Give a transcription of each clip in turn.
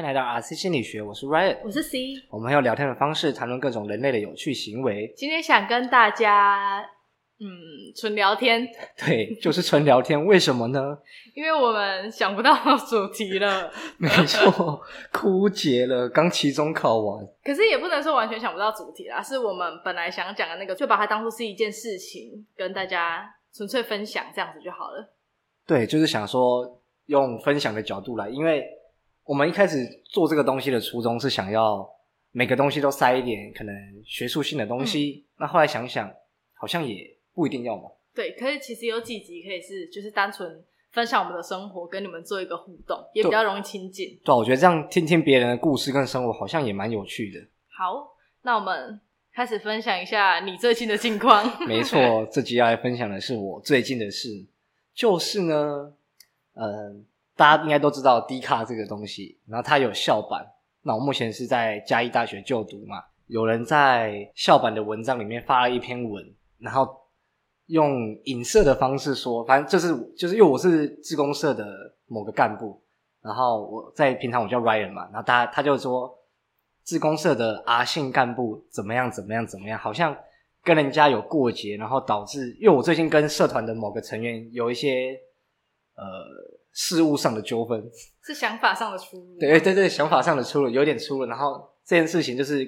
今天來到 R C 心理學，我是 Ryan，我是 C，我們用聊天的方式談論各種人類的有趣行為。今天想跟大家，嗯，純聊天，對，就是純聊天。 為什麼呢？因為我們想不到主題了， 沒錯錯，枯竭了。剛期中考完，可是也不能說完全想不到主題啦，是我們本來想講的那個，就把它當做是一件事情，跟大家純粹分享這樣子就好了。對，就是想說用分享的角度來，因為。我們一開始做這個東西的初衷是想要每個東西都塞一點可能學術性的東西，嗯、那後來想想好像也不一定要嘛。對，可是其實有幾集可以是就是單純分享我們的生活，跟你們做一個互動，也比較容易親近。對，對，我覺得這樣聽聽別人的故事跟生活，好像也蠻有趣的。好，那我們開始分享一下你最近的近況。 沒錯，這集要來分享的是我最近的事，就是呢，嗯、呃。大家應該都知道 D 卡這個東西，然後它有校版。那我目前是在嘉義大學就讀嘛，有人在校版的文章裡面發了一篇文，然後用影射的方式說，反正就是就是因為我是志工社的某個幹部，然後我在平常我叫 Ryan 嘛，然後他他就說志工社的 R 姓幹部怎麼樣怎麼樣怎麼樣，好像跟人家有過節，然後導致因為我最近跟社團的某個成員有一些。呃，事物上的糾紛是想法上的出入，對對對，想法上的出入有點出入。然後這件事情就是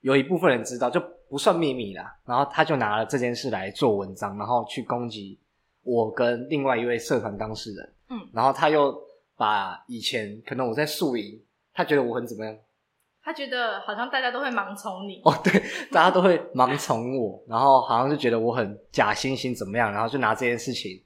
有一部分人知道，就不算秘密啦，然後他就拿了這件事來做文章，然後去攻擊我跟另外一位社團當事人。嗯，然後他又把以前可能我在宿營，他覺得我很怎麼樣？他覺得好像大家都會盲從你哦，對，大家都會盲從我， 然後好像就覺得我很假惺惺怎麼樣？然後就拿這件事情。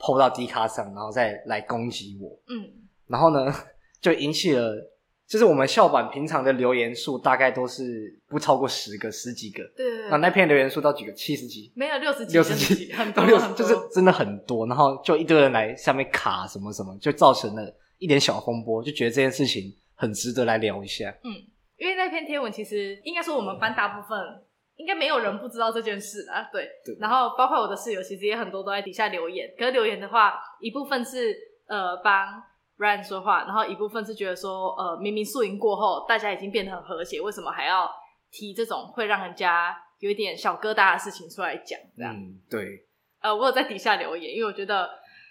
PO 到 D 卡上，然後再來攻擊我。嗯，然後呢，就引起了，就是我們校版平常的留言數大概都是不超過十個、十幾個。對那對那篇留言數到幾個？七十幾？沒有，六十幾，六十幾,六十幾，很多六十，就是真的很多。然後就一堆人來下面卡什麼什麼，就造成了一點小風波，就覺得這件事情很值得來聊一下。嗯，因為那篇貼文其實應該說我們班大部分、嗯。應該沒有人不知道這件事啊，對。對。然後包括我的室友，其實也很多都在底下留言。可是留言的話，一部分是呃幫 Ryan 說話，然後一部分是覺得說，呃，明明素營過後，大家已經變得很和諧，為什麼還要提這種會讓人家有一點小疙瘩的事情出來講？這樣、嗯、對。呃，我有在底下留言，因為我覺得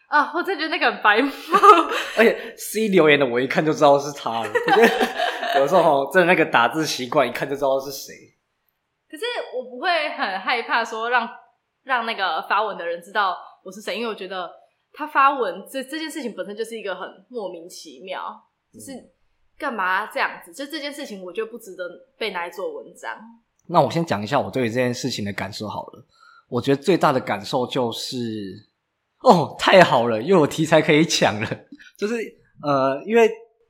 啊、呃，我真的覺得那個很白目， 而且 C 留言的我一看就知道是他了。我 有時候吼，真的那個打字習慣，一看就知道是誰。可是我不會很害怕說，讓讓那個發文的人知道我是誰，因為我覺得他發文這這件事情本身就是一個很莫名其妙，就、嗯、是幹嘛這樣子？就這件事情，我就不值得被拿來做文章。那我先講一下我對於這件事情的感受好了。我覺得最大的感受就是，哦，太好了，又有題材可以搶了。就是呃，因為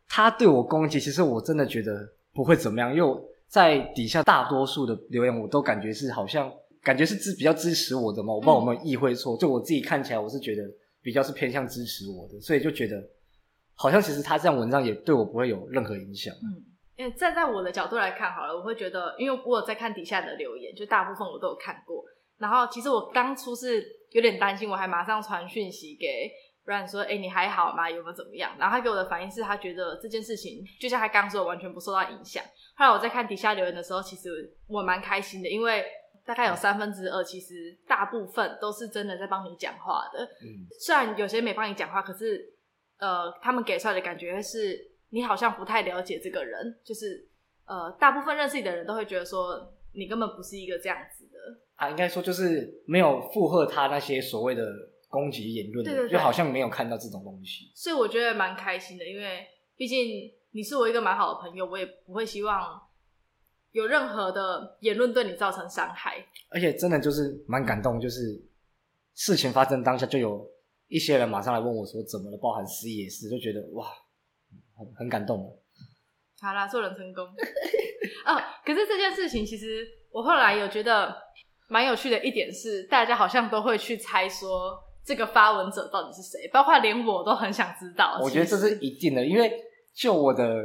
他對我攻擊，其實我真的覺得不會怎麼樣，又。在底下大多數的留言，我都感覺是好像，感覺是支比較支持我的嘛，我不知道我有沒有意會錯，嗯、就我自己看起來，我是覺得比較是偏向支持我的，所以就覺得好像其實他這樣文章也對我不會有任何影響。嗯，站在我的角度來看好了，我會覺得，因為我有在看底下的留言，就大部分我都有看過，然後其實我當初是有點擔心，我還馬上傳訊息給。不然說，哎、欸，你還好嗎？有沒有怎麼樣？然後他給我的反應是他覺得這件事情，就像他剛剛說的，完全不受到影響。後來我在看底下留言的時候，其實我蠻開心的，因為大概有三分之二，其實大部分都是真的在幫你講話的。嗯，雖然有些沒幫你講話，可是呃，他們給出來的感覺是，你好像不太了解這個人。就是呃，大部分認識你的人都會覺得說，你根本不是一個這樣子的。啊，應該說就是沒有附和他那些所謂的。攻擊言論，對對對，就好像沒有看到這種東西，所以我覺得蠻開心的，因為畢竟你是我一個蠻好的朋友，我也不會希望有任何的言論對你造成傷害。而且真的就是蠻感動，就是事情發生當下就有一些人馬上來問我說怎麼了，包含師爺師就覺得哇很感動了。好啦，做人成功， 哦，可是這件事情其實我後來有覺得蠻有趣的一點是，大家好像都會去猜說。這個發文者到底是誰？包括連我都很想知道。我覺得這是一定的，因為就我的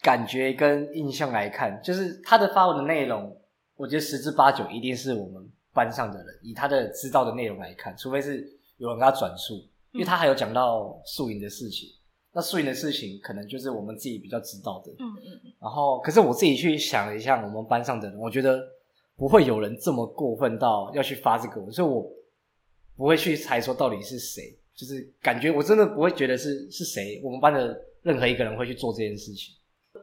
感覺跟印象來看，就是他的發文的內容，我覺得十之八九一定是我們班上的人。以他的知道的內容來看，除非是有人給他轉述，因為他還有講到素云的事情。嗯、那素云的事情，可能就是我們自己比較知道的。嗯嗯，然後，可是我自己去想一下，我們班上的人，我覺得不會有人這麼過分到要去發這個文，所以我。不會去猜說到底是誰，就是感覺我真的不會覺得是是誰，我們班的任何一個人會去做這件事情。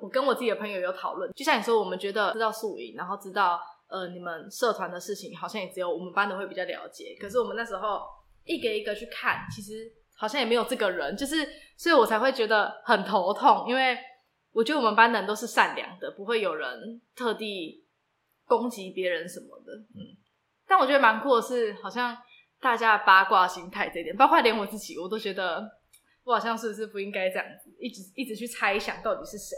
我跟我自己的朋友有討論，就像你說，我們覺得知道宿營，然後知道呃你們社團的事情，好像也只有我們班的會比較了解。可是我們那時候一個一個去看，其實好像也沒有這個人，就是所以我才會覺得很頭痛，因為我覺得我們班的人都是善良的，不會有人特地攻擊別人什麼的。嗯，但我覺得蠻酷的是好像。大家的八卦心態這一點，包括連我自己，我都覺得我好像是不是不應該這樣子，一直一直去猜想到底是誰？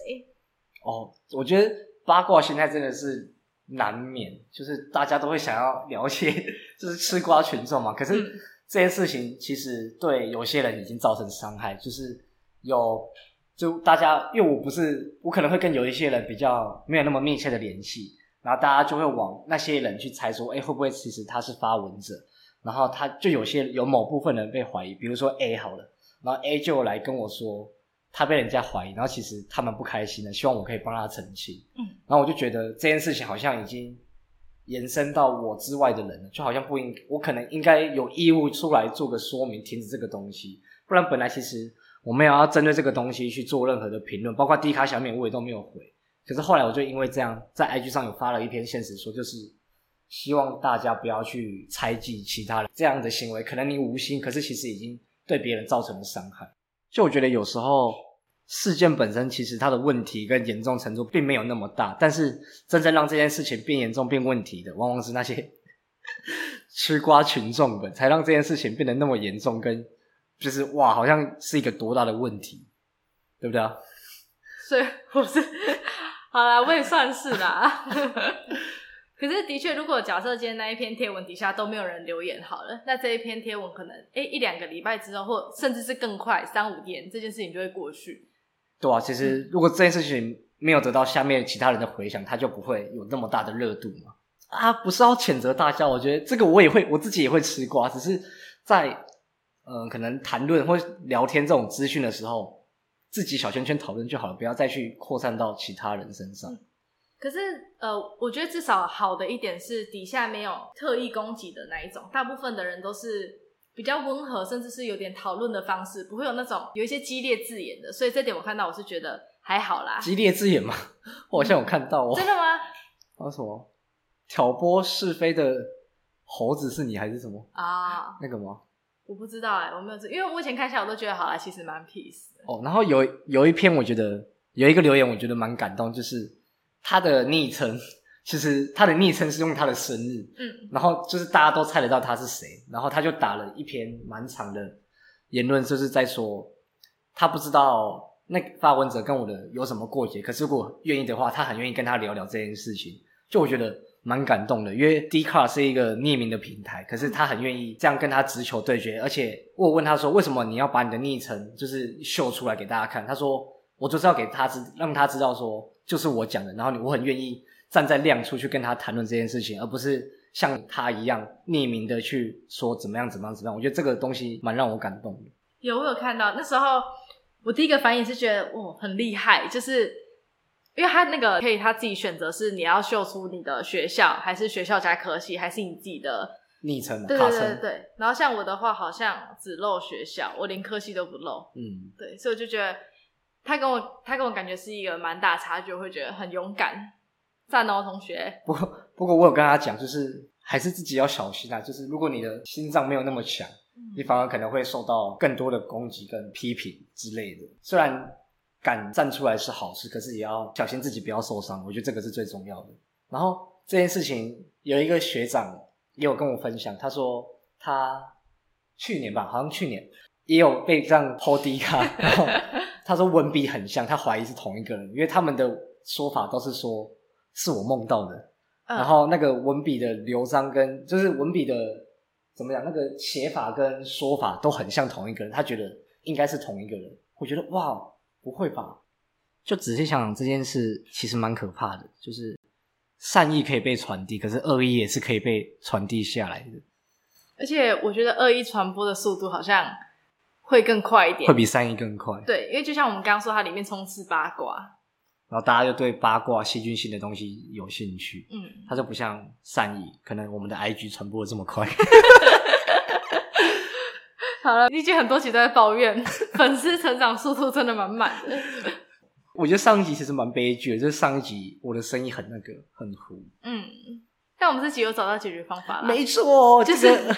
哦，我覺得八卦心態真的是難免，就是大家都會想要了解，就是吃瓜群眾嘛。可是這件事情其實對有些人已經造成傷害，就是有，就大家，因為我不是，我可能會跟有一些人比較沒有那麼密切的聯繫，然後大家就會往那些人去猜說，欸，會不會其實他是發文者？然後他就有些有某部分人被懷疑，比如說 A 好了，然後 A 就來跟我說他被人家懷疑，然後其實他們不開心的，希望我可以幫他澄清。嗯，然後我就覺得這件事情好像已經延伸到我之外的人了，就好像不應我可能應該有義務出來做個說明，停止這個東西，不然本來其實我沒有要針對這個東西去做任何的評論，包括 Dcard 小敏我也都沒有回，可是後來我就因為這樣在 IG 上有發了一篇現實說，就是。希望大家不要去猜忌其他人這樣的行為，可能你無心，可是其實已經對別人造成了傷害。就我覺得有時候事件本身其實它的問題跟嚴重程度並沒有那麼大，但是真正讓這件事情變嚴重、變問題的，往往是那些吃瓜群眾們，才讓這件事情變得那麼嚴重，跟就是哇，好像是一個多大的問題，對不對啊？所以，我是，好啦，我也算是啦。 可是，的確，如果假設今天那一篇貼文底下都沒有人留言，好了，那這一篇貼文可能，誒、欸、一兩個禮拜之後，或甚至是更快，三五天，這件事情就會過去。對啊，其實如果這件事情沒有得到下面其他人的迴響，它就不會有那麼大的熱度嘛。啊，不是要譴責大家，我覺得這個我也會，我自己也會吃瓜，只是在，嗯、呃，可能談論或聊天這種資訊的時候，自己小圈圈討論就好了，不要再去擴散到其他人身上。嗯。可是，呃，我覺得至少好的一點是底下沒有特意攻擊的那一種，大部分的人都是比較溫和，甚至是有點討論的方式，不會有那種有一些激烈字眼的。所以這點我看到我是覺得還好啦。激烈字眼嗎？我好像有看到哦、嗯。真的嗎？啊什麼？挑撥是非的猴子是你還是什麼啊？哦、那個嗎？我不知道哎、欸，我沒有，知，因為我目前看下我都覺得好啦，其實蠻 peace 的哦。然後有有一篇我覺得有一個留言我覺得蠻感動，就是。他的昵稱其實他的昵稱是用他的生日，嗯，然後就是大家都猜得到他是誰，然後他就打了一篇蠻長的言論，就是在說他不知道那發文者跟我的有什麼過節，可是如果願意的話，他很願意跟他聊聊這件事情。就我覺得蠻感動的，因為 Dcard 是一個匿名的平台，可是他很願意這樣跟他直球對決。而且我有問他說，為什麼你要把你的昵稱就是秀出來給大家看？他說我就是要給他知讓他知道說。就是我講的，然後你，我很願意站在亮處去跟他談論這件事情，而不是像他一樣匿名的去說怎麼樣怎麼樣怎麼樣。我覺得這個東西蠻讓我感動的。有，我有看到那時候，我第一個反應是覺得，哦，很厲害，就是因為他那個可以他自己選擇是你要秀出你的學校，還是學校加科系，還是你自己的昵稱嘛？對，對對對對。卡稱。然後像我的話，好像只露學校，我連科系都不露。嗯，對，所以我就覺得。他跟我，他跟我感覺是一個蠻大差距，我會覺得很勇敢，讚哦，同學。不過，不過我有跟他講，就是還是自己要小心啊。就是如果你的心臟沒有那麼強，你反而可能會受到更多的攻擊跟批評之類的。雖然敢站出來是好事，可是也要小心自己不要受傷。我覺得這個是最重要的。然後這件事情，有一個學長也有跟我分享，他說他去年吧，好像去年也有被這樣 po Dcard。 他說文筆很像，他懷疑是同一個人，因為他們的說法都是說是我夢到的，嗯，然後那個文筆的流章跟就是文筆的怎麼講，那個寫法跟說法都很像同一個人，他覺得應該是同一個人。我覺得哇，不會吧？就仔細想想這件事，其實蠻可怕的。就是善意可以被傳遞，可是惡意也是可以被傳遞下來的。而且我覺得惡意傳播的速度好像。會更快一點，會比善意更快。對，因為就像我們剛剛說，它裡面充斥八卦，然後大家就對八卦、戲劇性的東西有興趣。嗯，它就不像善意，可能我們的 I G 傳播的這麼快。 好了，最近很多集都在抱怨 粉絲成長速度真的蠻慢的。我覺得上一集其實蠻悲劇的，就是上一集我的聲音很那個，很糊。嗯。那我們自己又找到解決方法了。沒錯，就是、這個、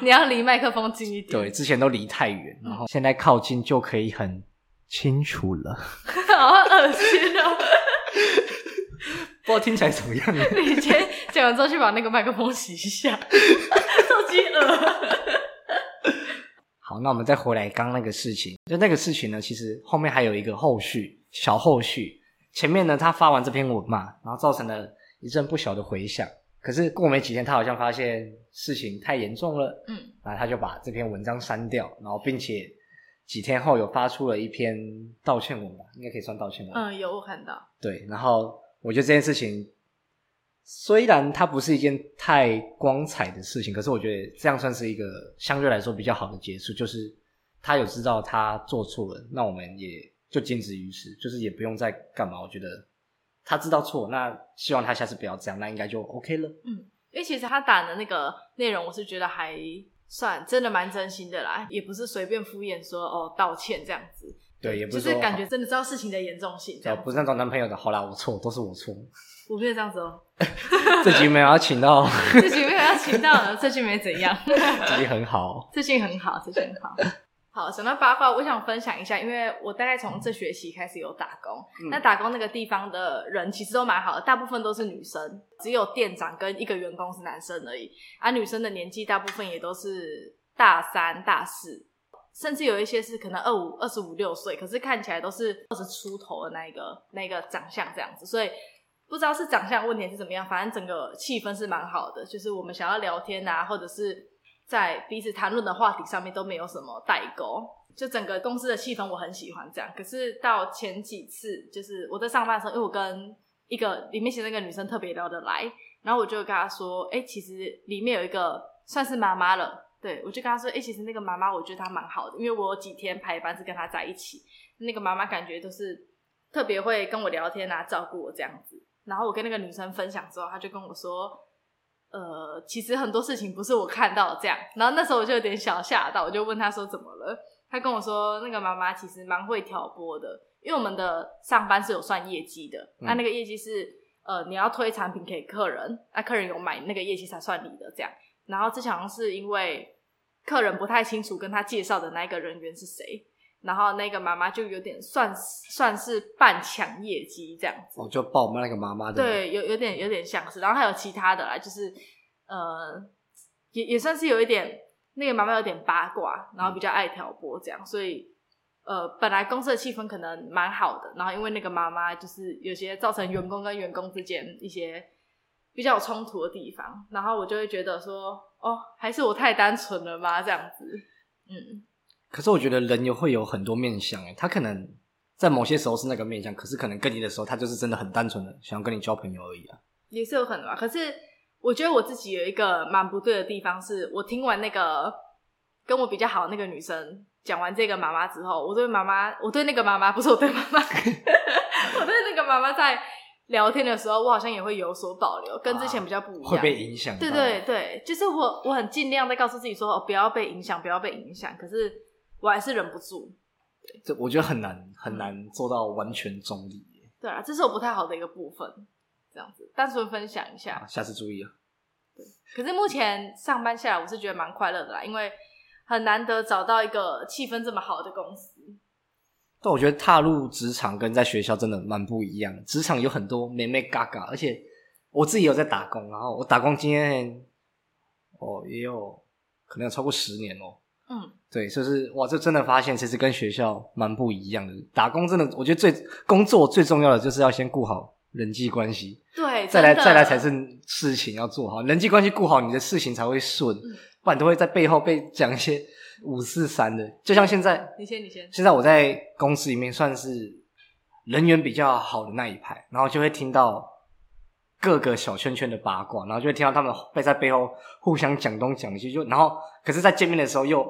你要離麥克風近一點。對，之前都離太遠，嗯、然後現在靠近就可以很清楚了。好噁心哦！ 不知道聽起來怎麼樣了？你先講完之後，去把那個麥克風洗一下。受驚了。好，那我們再回來剛剛那個事情。就那個事情呢，其實後面還有一個後續，小後續。前面呢，他發完這篇文嘛，然後造成了一陣不小的回響。可是過沒幾天，他好像發現事情太嚴重了，嗯，然後他就把這篇文章刪掉，然後並且幾天後又發出了一篇道歉文吧、啊，應該可以算道歉文吧？嗯，有我看到。對，然後我覺得這件事情雖然它不是一件太光彩的事情，可是我覺得這樣算是一個相對來說比較好的結束，就是他有知道他做錯了，那我們也就僅止於此，就是也不用再幹嘛，我覺得。他知道錯，那希望他下次不要這樣，那應該就 OK 了。嗯，因為其實他打的那個內容，我是覺得還算真的蠻真心的啦，也不是隨便敷衍說哦，道歉這樣子。對，也不是就是感覺真的知道事情的嚴重性。哦，不是那種男朋友的，好啦，我錯都是我錯，我沒有這樣子哦、喔。 這集沒有要請到，這集沒有要請到了，這集 沒怎樣， 最近，最近很好，最近很好，最近很好。好，想到八卦，我想分享一下，因為我大概從這學期開始有打工。嗯、那打工那個地方的人其實都蠻好的，大部分都是女生，只有店長跟一個員工是男生而已。而、啊、女生的年紀大部分也都是大三、大四，甚至有一些是可能二五、二十五六歲，可是看起來都是二十出頭的那個那一個長相這樣子。所以不知道是長相的問題還是怎麼樣，反正整個氣氛是蠻好的。就是我們想要聊天啊，或者是。在彼此談論的話題上面都沒有什麼代溝，就整個公司的氣氛我很喜歡這樣。可是到前幾次，就是我在上班的時候，因為我跟一個裡面寫那個女生特別聊得來，然後我就跟她說：“哎，其實裡面有一個算是媽媽了。對，我就跟她說：哎，其實那個媽媽我覺得她蠻好的，因為我有幾天排班是跟她在一起，那個媽媽感覺都是特別會跟我聊天啊，照顧我這樣子。然後我跟那個女生分享之後，她就跟我說。”呃，其實很多事情不是我看到的這樣，然後那時候我就有點小嚇到，我就問他說怎麼了，他跟我說那個媽媽其實蠻會挑撥的，因為我們的上班是有算業績的，那、嗯啊、那個業績是呃你要推產品給客人，那、啊、客人有買那個業績才算你的這樣，然後之前好像是因為客人不太清楚跟他介紹的那一個人員是誰。然後那個媽媽就有點算算是半搶業績這樣子，哦，就爆我們那個媽媽的，對、對，有有點有點像是，然後還有其他的啦，就是呃，也也算是有一點那個媽媽有點八卦，然後比較愛挑撥這樣。嗯、這樣所以呃，本來公司的氣氛可能蠻好的，然後因為那個媽媽就是有些造成員工跟員工之間一些比較有衝突的地方，然後我就會覺得說，哦，還是我太單純了嗎？這樣子，嗯。可是我覺得人又會有很多面相哎、欸，他可能在某些時候是那個面相，可是可能跟你的時候，他就是真的很單純的想要跟你交朋友而已啊，也是有可能、啊。可是我覺得我自己有一個蠻不對的地方是，是我聽完那個跟我比較好的那個女生講完這個媽媽之後，我對媽媽，我對那個媽媽，不是我對媽媽， 我對那個媽媽在聊天的時候，我好像也會有所保留，啊、跟之前比較不一樣，會被影響。對對對，就是我我很儘量在告訴自己說，哦，不要被影響，不要被影響。可是。我還是忍不住，這我覺得很難很難做到完全中立。對啊，這是我不太好的一個部分，這樣子單純分享一下，啊、下次注意啊。對，可是目前上班下來，我是覺得蠻快樂的啦，因為很難得找到一個氣氛這麼好的公司。但我覺得踏入職場跟在學校真的蠻不一樣，職場有很多眉眉角角，而且我自己有在打工，然後我打工經驗哦，也有可能有超過十年哦。嗯，對，就是哇，就真的發現其實跟學校蠻不一樣的。打工真的，我覺得最工作最重要的就是要先顧好人際關係，對，再來的再來才是事情要做好。人際關係顧好，你的事情才會順，嗯、不然都會在背後被講一些五四三的。就像現在，你先，你先，現在我在公司裡面算是人緣比較好的那一排，然後就會聽到。各個小圈圈的八卦，然後就會聽到他們會在背後互相講東講西，就然後，可是，在見面的時候又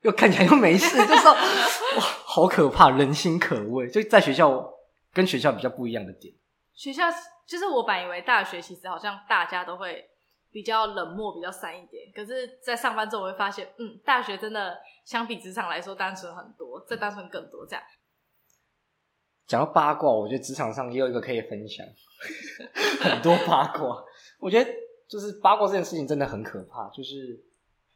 又看起來又沒事， 就說，哇，好可怕，人心可畏。就在學校跟學校比較不一樣的點，學校就是我本以為大學其實好像大家都會比較冷漠、比較散一點，可是，在上班之後，我會發現，嗯，大學真的相比職場來說單純很多，嗯、再單純更多這樣。講到八卦，我覺得職場上也有一個可以分享很多八卦。我覺得就是八卦這件事情真的很可怕，就是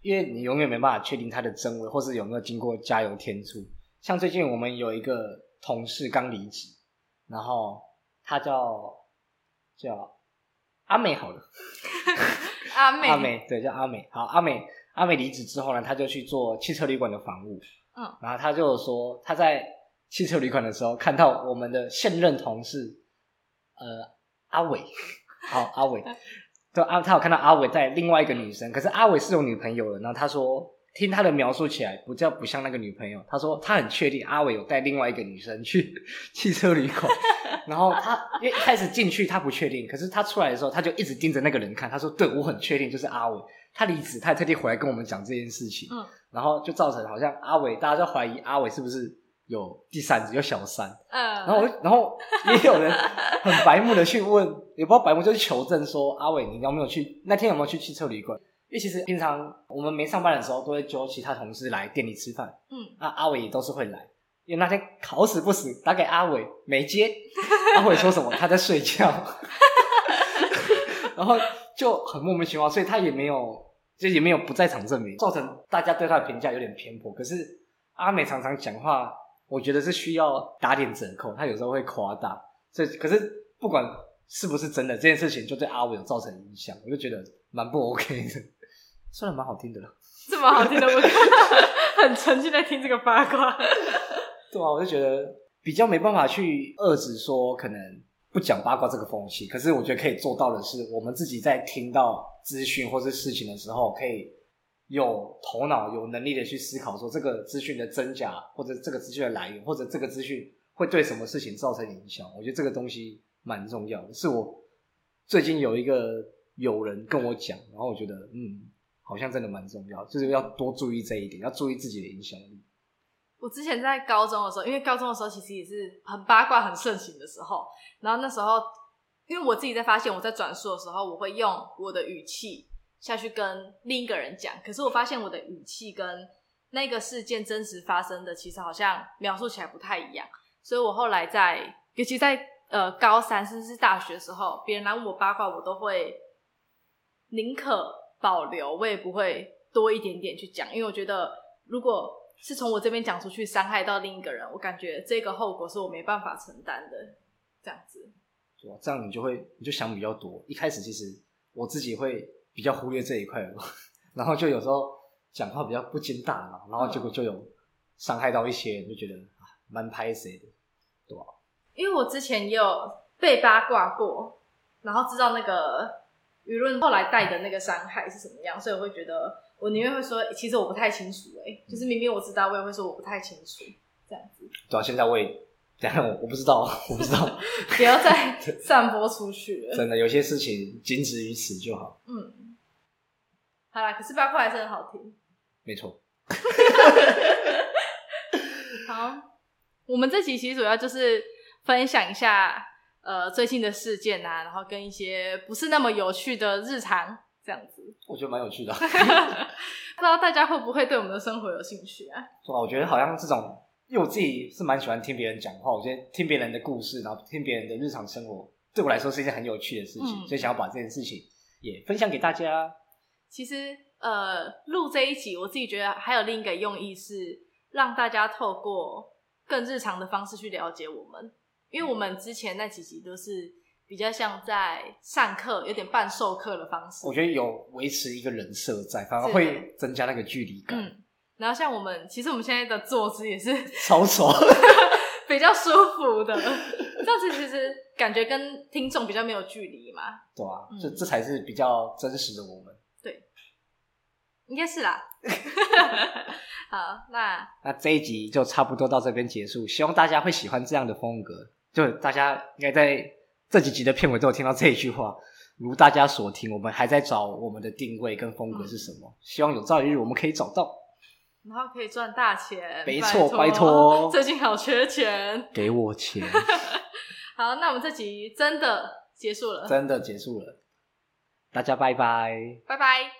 因為你永遠沒辦法確定它的真偽，或是有沒有經過加油添醋。像最近我們有一個同事剛離職，然後他叫叫阿美，好了， 對阿美，阿美，對，叫阿美。好，阿美，阿美離職之後呢，他就去做汽車旅館的房務。嗯，然後他就說他在。汽車旅館的時候，看到我們的現任同事，呃，阿偉，好、哦，阿偉，對啊，他有看到阿偉帶另外一個女生，可是阿偉是有女朋友的，然後他說，聽他的描述起來，不叫不像那個女朋友。他說，他很確定阿偉有帶另外一個女生去汽車旅館，然後他因為一開始進去他不確定，可是他出來的時候，他就一直盯着那個人看。他說，對，我很確定，就是阿偉。他離職，他特地回來跟我們講這件事情。嗯、然後就造成好像阿偉，大家都懷疑阿偉是不是。有第三者，有小三，嗯，然後然後也有人很白目的去問， 也不知道白目就是求證說阿偉，你有沒有去那天有沒有去汽車旅館？因為其實平常我們沒上班的時候，都會叫其他同事來店裡吃飯，嗯，那阿偉也都是會來，因為那天好死不死打給阿偉沒接，阿偉說什麼他在睡覺， 然後就很莫名其妙，所以他也沒有，就也沒有不在場證明，造成大家對他的評價有點偏頗。可是阿美常常講話。我覺得是需要打點折扣，他有時候會誇大，所以可是不管是不是真的，這件事情就對阿偉有造成影響，我就覺得蠻不 OK 的，雖然蠻好聽的了，這蠻好聽的，我覺得很沉浸在聽這個八卦，對啊，我就覺得比較沒辦法去遏制說可能不講八卦這個風氣，可是我覺得可以做到的是，我們自己在聽到資訊或是事情的時候，可以。有頭腦、有能力的去思考，說這個資訊的真假，或者這個資訊的來源，或者這個資訊會對什麼事情造成影響。我覺得這個東西蠻重要的，是我最近有一個友人跟我講，然後我覺得嗯，好像真的蠻重要的，就是要多注意這一點，要注意自己的影響力。我之前在高中的時候，因為高中的時候其實也是很八卦很盛行的時候，然後那時候因為我自己在發現我在轉述的時候，我會用我的語氣。下去跟另一個人講，可是我發現我的語氣跟那個事件真實發生的其實好像描述起來不太一樣，所以我後來在，尤其在呃高三甚至是大學的時候，別人來問我八卦，我都會寧可保留，我也不會多一點點去講，因為我覺得如果是從我這邊講出去，傷害到另一個人，我感覺這個後果是我沒辦法承擔的，這樣子。對，這樣你就會你就想比較多。一開始其實我自己會。比較忽略這一塊然後就有時候講話比較不經大腦，然後結果就有傷害到一些人，就覺得蠻歹勢的，對、啊。因為我之前也有被八卦過，然後知道那個輿論後來帶的那個傷害是什麼樣，所以我會覺得我寧願會說，其實我不太清楚、欸，誒就是明明我知道，我也會說我不太清楚這樣子。對,對、啊，現在我也這樣，我我不知道，我不知道， 不要再散播出去了。真的，有些事情僅止於此就好。嗯。好啦，可是八卦還是很好聽。沒錯錯。 好，我們這期其實主要就是分享一下呃最近的事件啊，然後跟一些不是那麼有趣的日常這樣子。我覺得蠻有趣的，啊， 不知道大家會不會對我們的生活有興趣啊？對吧，我覺得好像這種，因為我自己是蠻喜歡聽別人講話。我覺得聽別人的故事，然後聽別人的日常生活，對我來說是一件很有趣的事情，嗯、所以想要把這件事情也分享給大家。其實，呃，錄這一集，我自己覺得還有另一個用意是讓大家透過更日常的方式去了解我們，因為我們之前那幾集都是比較像在上課，有點半授課的方式。我覺得有維持一個人設在，反而會增加那個距離感。嗯，然後，像我們，其實我們現在的坐姿也是超醜爽， 比較舒服的，但是其實感覺跟聽眾比較沒有距離嘛。對啊，這這才是比較真實的我們。應該是啦， 好，那那這一集就差不多到這邊結束，希望大家會喜歡這樣的風格。就大家應該在這幾集的片尾都有聽到這一句話，如大家所聽，我們還在找我們的定位跟風格是什麼，嗯、希望有朝一日我們可以找到，然後可以賺大錢，沒錯，拜託，最近好缺錢，給我錢。 好，那我們這集真的結束了，真的結束了，大家拜拜，拜拜。